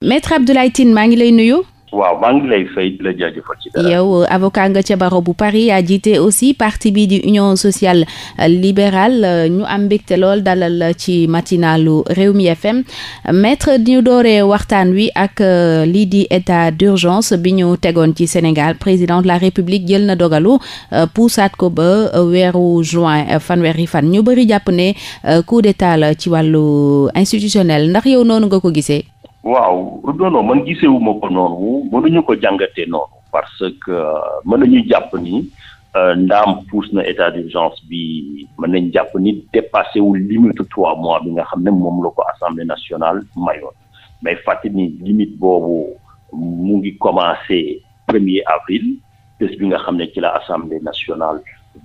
Maître Abdoulaye Tine maa ngi lay nuyu. waaw maa euh, avocat nga ca barreau bu Paris yaa jiite aussi parti bii di union sociale euh, libérale euh, ñu am mbégte lool dalal ci matinalu Rewmi FM maître ñu dooree waxtaan wi ak lii di état d'urgence bi ñu tegoon ci Sénégal président de la République jël na dogalu puusaat ko ba weeru juin fanweeri fan ñu bëri jàpp ne coup d'état la ci wàllu institutionnel ndax yow noonu nga ko gisee. waaw non man gisewu ma ko noonu mënuñu ko jàngatee noonu parce que euh, mën nañu jàpp ni euh, ndaam puus na état d'urgence bi mën nañ jàpp ni dépassé wu limite trois mois bi nga xam ne moom la ko assemblée nationale mayoon mais fàttali ni limite boobu mu ngi commencé premier avril bés bi nga xam ne ci la assemblée nationale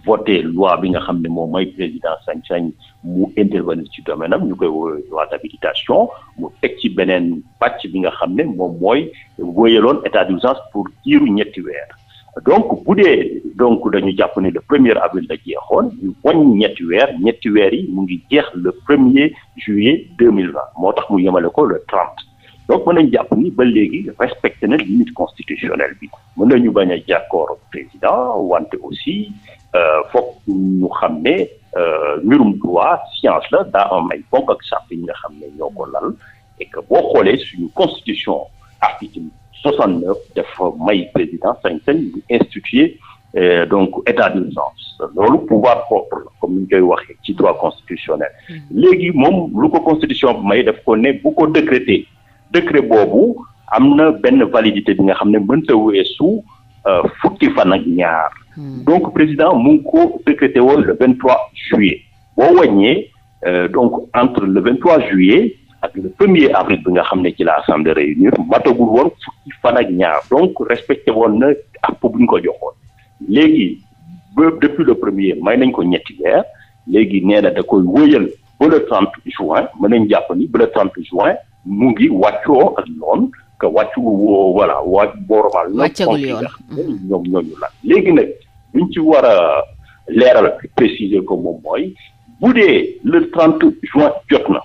voté loi bi nga xam ne moom mooy président sañ-sañ mu intervenir ci domaine am ñu koy woowee loi d'habilitation mu teg ci beneen pàcc bi nga xam ne moom mooy wéyaloon état d'urgence pour kiiru ñetti weer donc bu dee donc dañu jàpp ne le premier avril la jeexoon ñu wàññi ñetti weer ñetti weer yi mu ngi jeex le premier juillet deux mille vingt moo tax mu yemale ko le trente donc mën nañ jàpp ni ba léegi respecté na limite constitutionnelle bi mën nañu bañ a jàkkoor président wante aussi euh, foog ñu xam ne euh, mbirum droit science la daa am ay bonk ak sart yi nga xam ne ñoo ko lal et que boo xoolee suñu constitution article soixante neuf dafa may président sañ-sañ bu instituer euh, donc état d'urgence loolu pouvoir propre la comme ni ñu koy waxee ci droit constitutionnel mmh. léegi moom lu ko constitution may def ko ne bu ko décréter décret boobu am na benn validité bi nga xam ne mënta weesu euh, fukki fan ak ñaar. Hmm. donc président mu ko décrété woon le 23 juillet. boo wàññee euh, donc entre le 23 juillet ak le premier avril bi nga xam ne ci la assemblée réunir matagul woon fukki fan ak ñaar donc respecté woon na ak bu ñu ko joxoon. léegi ba depuis le premier may nañ ko ñetti weer léegi nee na da koy wóyal ba le 30 juin mën nañ jàpp ni ba le 30 juin. mu ngi wàccoo ak yoon que wàccu woo voilà wàcc booromal. wàccagul yoon ñoom ñooñu la léegi nag lu buñ ci war a leeral préciser ko moom mooy bu dee le 30 juin jot na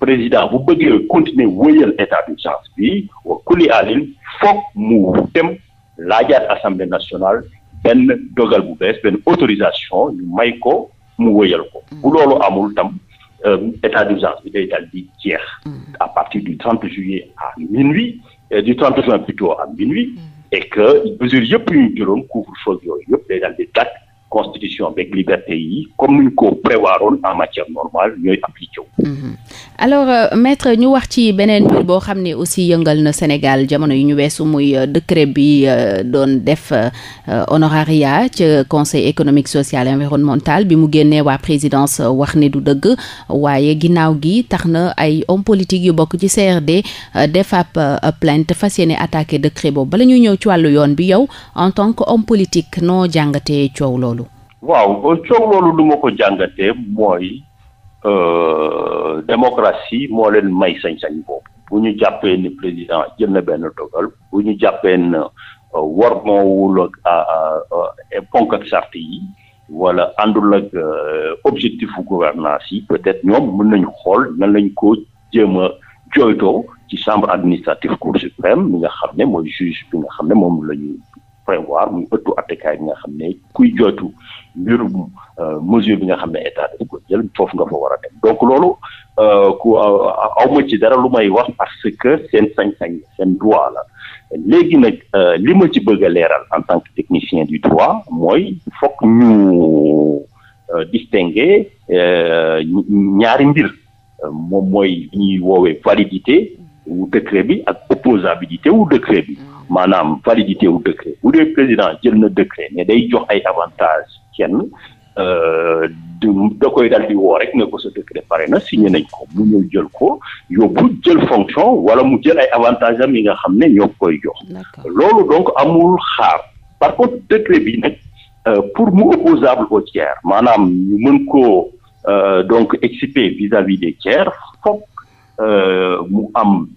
président bu bëggee continuer wëyal état d'urgence bi wa kuli alin foog mu dem laajaat assemblée nationale benn dogal bu bees benn autorisation ñu may ko mu wëyal ko mm. bu loolu amul tam. Euh, état d'urgence bi day daal di jeex. Mm. à partir du 30 juillet à minuit euh, du 30 juin plutôt à minuit. Mm. et que mesures yëpp yu ñu jëloon couvre-feu yooyu yëpp day daal di tàkk. constitution beeg liberté comme nuñ ko prévoiroon en matière normale ñooy appliqué wu. Mhm. alors euh, ñu wax ci beneen boo xam ne aussi yëngal na Sénégal jamono yu ñu weesu muy euh, décret bi euh, doon def honoraria ca conseil économique social environnemental bi mu génnee waa présidence wax ni du dëgg waaye ginnaaw gi tax na ay homme politique yu bokk ci CRD def ab plainte fas yéene attaqué décret boobu bala ñuy ñëw ci wàllu yoon bi yow en tant que homme politique noo jàngatee coow loolu. waaw coow loolu lu ma ko jàngatee mooy euh, démocratie moo leen may sañ-sañ boobu bu ñu jàppee ni président jël na benn dogal bu ñu jàppee na euh, war moowul ak ponk ak sart yi wala àndul ak euh, objectif u gouvernance yi peut-être ñoom mën nañu xool nan lañ ko jéem a jooytoo ci chambre administrative cour suprême mi nga xam ne mooy juge bi nga xam ne moom la prévoir muy ëttu attekaay bi nga xam ne kuy jooytu mbirum moseur bi nga xam ne état dañ ko jël foofu nga fa war a dem donc loolu euh, ku euh, awma ci dara lu may wax parce que seen sañ-sañ seen droit la léegi nag euh, li ma ci bëgg a leeral en tant que technicien du droit mooy fokk ñu distinguer ñaari mbir moom mooy li ñuy woowee validité wu décret bi ak opposabilité wu décret bi maanaam validité wu décret bu dee président jël na décret ne day jox ay avantage kenn euh, da koy dal di woo rek ne ko sa décret pare na signé nañ ko mu ñëw jël ko yóbbu jël fonction wala mu jël ay avantage am yi nga xam ne ñoo koy jox loolu donc amul xaar par contre décret bi nag euh, pour mu opposable ko tiers maanaam ñu mën koo euh, donc exciper vis-à-vis des tiers foog mu am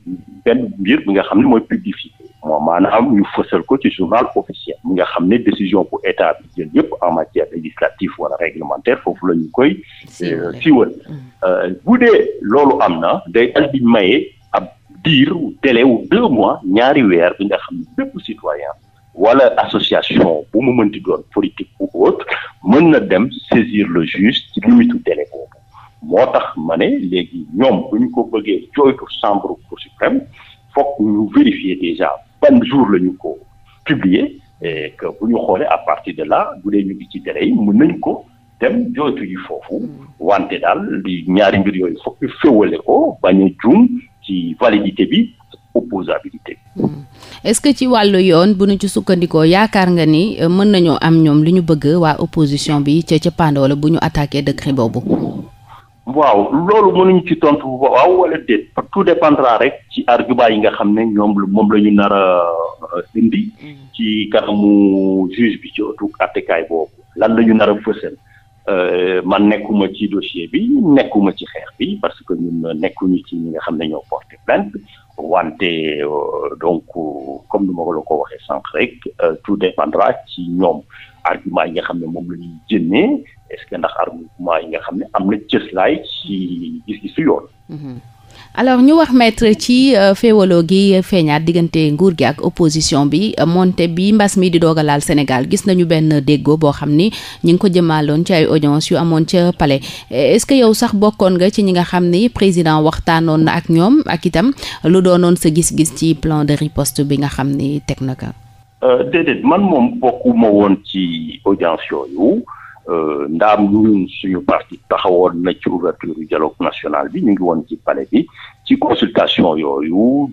benn mbir bi nga xam ne mooy publicité moom maanaam ñu fësal ko ci journal officiel mi nga xam ne décision bu état bi jël yëpp en matière législative wala réglementaire foofu la ñu koy euh, siiwal mm. euh, bu dee loolu am na day dal di maye ab diir délai wu deux mois ñaari weer bi nga xam ne bépp citoyen wala association bu mu mënti doon politique ou autre mën na dem saisir le juge ci limite délai boobu moo tax ma ne léegi ñoom bu ñu ko bëggee jooytu chambre Cour suprême foog ñu vérifier déjà ban jour la ñu ko publier et que bu ñu xoolee à partir de là bu dee ñu ngi ci tere yi nañ ko dem jooytu yi foofu wante daal li ñaari mbir yooyu foog ñu féewale ko bañ a juum ci validité bi opposabilité bi. Hmm. est-ce que ci wàllu yoon bu nu ci sukkandikoo yaakaar nga ni euh, mën nañoo am ñoom li ñu bëgg waa opposition bi ca ca pànd wala bu ñu attaqué décret boobu. waaw loolu mënuñu ci tontu waaw wala déet tout dépendra rek ci argument yi nga xam ne ñoom moom la ñu nar a euh, indi mm. ci kanamu juge bi ci otu attekaay boobu lan la ñu nar a fësal euh, man nekkuma ci dossier bi nekkuma ci xeex bi parce que ñun nekkuñu ci ñi nga xam ne ñoo porté plainte wante euh, donc comme ni ma la ko waxee sànq rek tout dépendra ci ñoom argument yi nga xam ne moom la ñuy jënnee ndax argument yi nga xam ne am na cëslaay ci gis-gisu yoon. Mhm. alors ñu wax maître ci euh, féewaloo gi feeñaat diggante nguur gi ak opposition bi moonte bi mbas mi di doog laal Sénégal gis nañu benn déggoo boo xam ni ñi ngi ko jëmaaloon ci ay audience yu amoon ca pale est-ce que yow sax bokkoon nga ci ñi nga xam ni président waxtaanoon na ak ñoom ak itam lu doonoon sa gis-gis ci plan de riposte bi nga xam ni teg na ka Euh, déedéet man moom bokkuma woon ci audience yooyu euh, ndaam ñun suñu parti taxawoon na ci ouverture du dialogue national bi ñu ngi woon ci palais bi ci consultation yooyu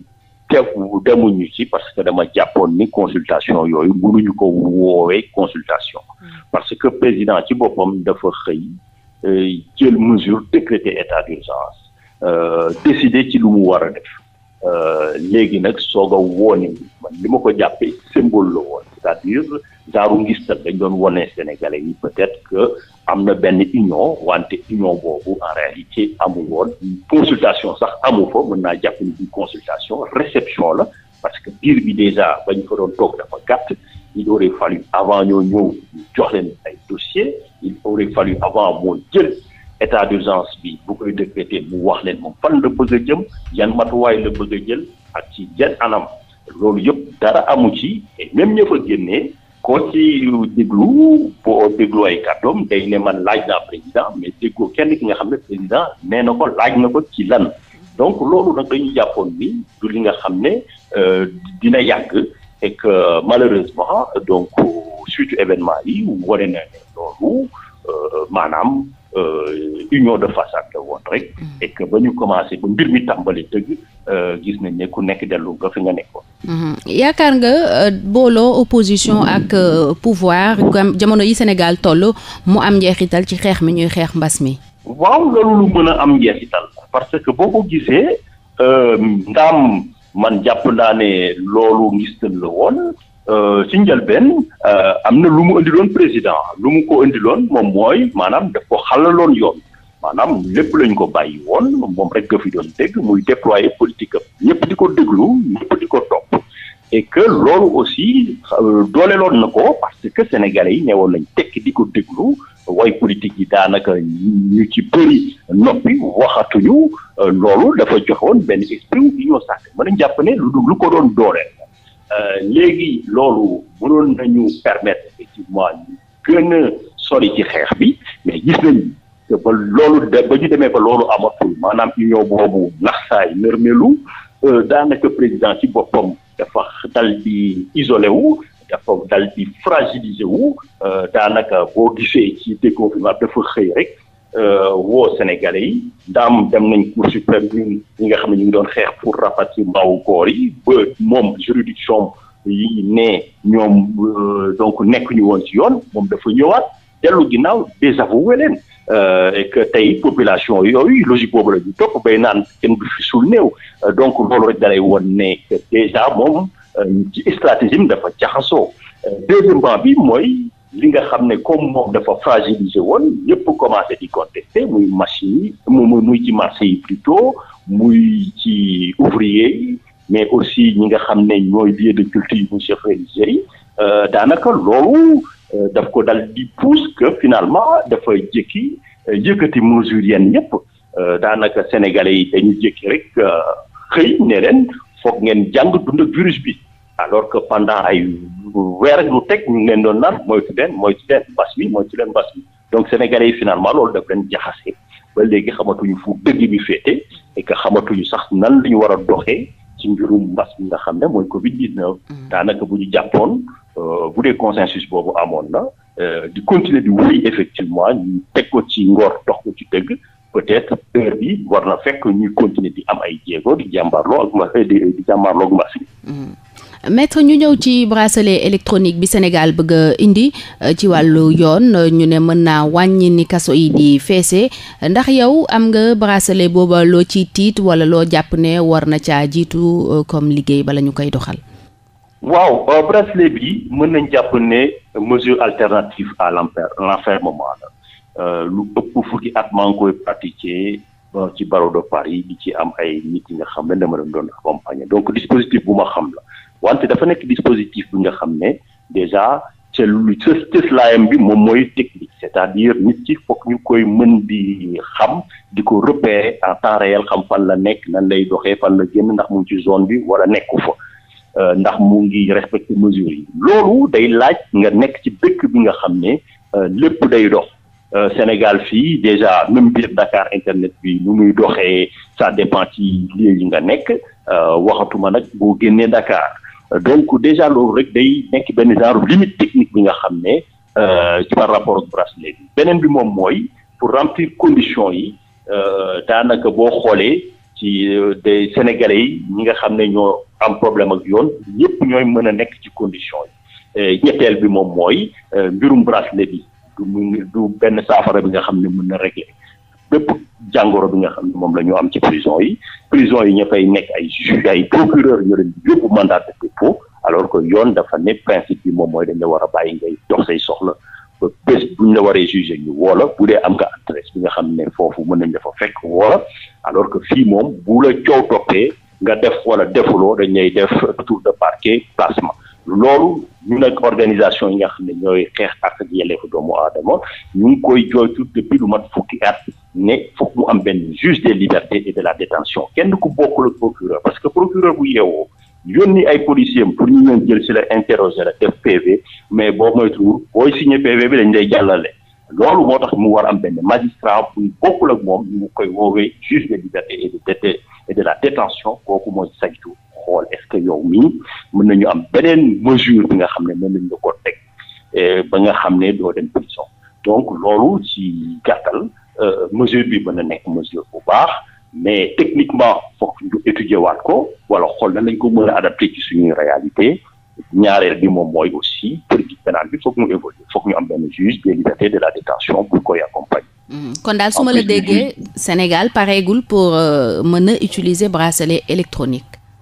teew demuñu ci parce que dama jàppoon ni consultation yooyu mënuñu ko woowee consultation mm. parce que président ci boppam dafa xëy euh, jël mesure décréter état d'urgence décider ci lu mu war def Euh, léegi nag soog a woone li ma ko jàppee symbole la woon c'est-à-dire genre ngistal dañ doon wone Sénégalais yi peut-être que am na benn union wante union boobu en réalité amul woon consultation sax amu fa mën naa jàpp ni consultation réception la parce que biir bi déjà bañ fa doon toog dafa gàtt il aurait fallu avant ñoo ñëw jox leen ay dossier il aurait fallu avant moo jël état d'urgence bi bu koy décréter mu wax leen moom fan la bëgg jëm yan matuwaay la bëgg a jël ak ci jan anam loolu yëpp dara amu ci et même ña fa génnee ko ci déglu boo déglu ay kàddoom day ne man laaj naa président mais déggoo kenn ki nga xam ne président nee na ko laaj na ko ci lan donc loolu nag dañu jàppoon bi du li nga xam ne euh, dina yàgg et que malheureusement donc suite événement yi wane na ne loolu euh, maanaam Euh, union de façade la woon rek. Mm. et que ba ñu commencé ba mbir mi tàmbali dëgg euh, gis nañ ne ku nekk dellu nga fi nga nekkoon. Mm-hmm. yaakaar nga euh, booloo opposition ak pouvoir jamono yi Sénégal toll mu am njeexital ci xeex mi ñuy xeex mbas mi. waaw loolu lu mën a am njeexital parce que boo ko gisee ndaam man jàpp naa ne loolu ngistal la woon. Euh, ci njëlbeen euh, am na lu mu indiloon président lu mu ko indiloon moom mooy maanaam daf ko xalaloon yoon maanaam lépp lañ ko bàyyi woon moom rek nga fi doon dégg muy déployer politique am ñëpp di ko déglu ñëpp di ko topp et que loolu aussi euh, dooleeloon na ko parce que sénégalais yi neewoon nañ tekki di ko déglu way politique yi daanaka ñu ci bëri noppi waxatuñu loolu dafa joxoon benn esprit union sacrée mën nañ jàpp ne lu ko doon dooleel. Euh, léegi loolu mënoon nañu permettre effectivement ñu gën a ci xeex bi mais gis nañu ba loolu de ba ñu demee ba loolu amatul maanaam union boobu naxsaay nërmelu euh, daanaka président ci boppam dafa dal di isolé wu dafa dal bi fragiliser wu euh, daanaka boo gisee ci déconfinement dafa xëy rek Euh, woo Sénégalais yi daam dem nañ cour suprême ñun nga xam ne ñu ngi doon xeex pour rapatrier mbaawu koor yi ba moom juridiction yi ne ñoom euh, donc nekkuñu woon ci yoon moom dafa ñëwaat dellu ginnaaw désavoué leen euh, et tey population yooyu logique boobu la ñu topp bay naan kenn du fi suul néew donc loolu rek dalay woon ne que moom ci stratégie dafa jaxasoo deuxièmement bi mooy li nga xam ne comme moom dafa fragilisé woon ñëpp commencé di contesté muy machine yi mu muy ci marché yi plutôt muy ci ouvrier yi mais aussi ñi nga xam ne ñooy lieu de culture yi muy chef religieux yi daanaka loolu euh, daf ko dal di pousse que finalement dafa jékki euh, yëkkati mesures yenn euh, daanaka sénégalais yi dañu jékki rek xëy ne leen foog ngeen jàng dund ak virus bi alors que pendant ay weer ak lu teg ñu leen doon naan mooy leen moytu leen mbas bi moytu leen mbas bi donc sénégalais yi finalement loolu daf leen jaxase ba léegi xamatuñu fu dëgg bi féete et que xamatuñu sax nan la ñu war a doxee ci mbirum mbas bi nga xam ne mooy Covid 19. Mm. daanaka bu ñu jàppoon euh, bu dee consensus boobu amoon na euh, di continuer di wéy effectivement ñu teg ko ci ngoor dox ko ci dëgg. peut-être heure bi war na fekk ñuy continuer di am ay jéego di jàmbaarloo ak ma di jàmbaarloo maître ñu ñëw ci bracelet électronique bi Sénégal bëgg indi euh, ci wàllu yoon euh, ñu ne mën naa wàññi ni kaso yi di feese ndax yow am nga bracelet booba loo ci tiit wala loo jàpp ne war na caa jiitu euh, comme liggéey bala ñu koy doxal. waaw bracelet bi mën nañ jàpp ne mesure alternative à l'enfermement lu ëpp fukki at maa ngi koy pratiquer ci barreau de Paris di ci am ay nit yi xam ne dama leen doon accompagner donc dispositif bu ma xam la wante dafa nekk dispositif bi nga xam ne déjà ca lu cës cëslaayam bi moom mooy technique c'est-à-dire nit ki foog ñu koy mën bi xam di ko repérer en temps réel xam fan la nekk nan lay doxee fan la génn ndax mu ngi ci zone bi wala nekku fa euh, ndax mu ngi respecter mesures yi loolu day laaj nga nekk ci dëkk bi nga xam ne euh, lépp day dox euh, Sénégal fii déjà même biir Dakar internet bi nu muy doxee ça dépend ci lieu yi nga nekk waxatuma nag boo génnee Dakar donc déjà loolu rek day nekk benn genre limite technique bi nga xam ne euh, ci par rapport ak bracelet bi beneen bi moom mooy pour remplir conditions yi euh, daanaka boo xoolee ci euh, des sénégalais yi ñi nga xam ne ñoo am problème ak yoon yépp ñooy mën a nekk ci conditions yi ñetteel bi moom mooy mbirum bracelet bi du benn saafara bi nga xam ne mun na régler bépp jàngoro bi nga xam ne moom la ñu am ci prison yi prison yi ña fay nekk ay juge ay procureur ñu leen yóbbu mandat de dépôt alors que yoon dafa ne principe bi moom mooy dañ la war a bàyyi ngay dox say soxla ba bés buñ la waree jugé ñu woola bu dee am nga adresse bi nga xam ne foofu mën nañ dafa fekk woola alors que fii moom bu la coow toppee nga def wala defuloo dañ lay def tour de parquet placement loolu ñu nekk organisation yi nga xam ne ñooy xeex ak yelleefu doomu aadama ñu ngi koy jooytu depuis lu mat fukki at ne foog mu am benn juge des libertés et de la détention kenn ku bokkul ak procureur parce que procureur bu yeewoo ni ay policiers pour ñu leen jël si la interroger la def PV mais boo moytuwul booy signé PV bi dañ lay jàllale loolu moo tax mu war am benn magistrat buy bokkul ak moom ñu koy woowee juge des libertés et de et de la détention kooku mooy saytu xool est-ce que yow mii mën nañu am beneen mesure bi nga xam ne mën nañ la ko teg eh, ba nga xam ne doo dem prison donc loolu ci gàttal euh, mesure bi mën na nekk mesure bu baax mais techniquement foog ñu étudier waat ko wala xool nan nañ ko mën a adapté ci suñuy réalité ñaareel bi moom mooy aussi politique pénale bi foog mu évoluer foog ñu am benn juge des libertés de la détention pour koy accompagner. Mm-hmm. kon daal su ma la déggee Sénégal pareegul pour euh, mën a utiliser bracelet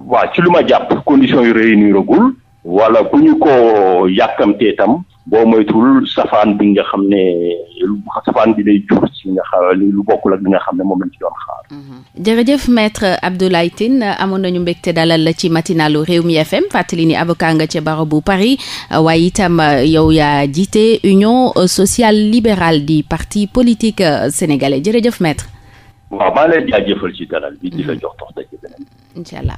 waa ci lu ma jàpp conditions yu réuniragul wala ku ñu ko yàkkamtee boo moytul safaan bi nga xam ne safaan bi day jur ci xam lu bokkul ak li nga xam ne moom lañ ci doon xaar. Mhm. jërëjëf maître Abdoulaye Tine amoon nañu mbégte dalal la ci matinalu Rewmi FM fàttali ni avocat nga ca barreau bu Paris waaye itam yow yaa jiite union social libéral di parti politique sénégalais jërëjëf maître. waaw maa ngi lay jaajëfal ci dalal bi di la mhm. jox tox daje beneen. incha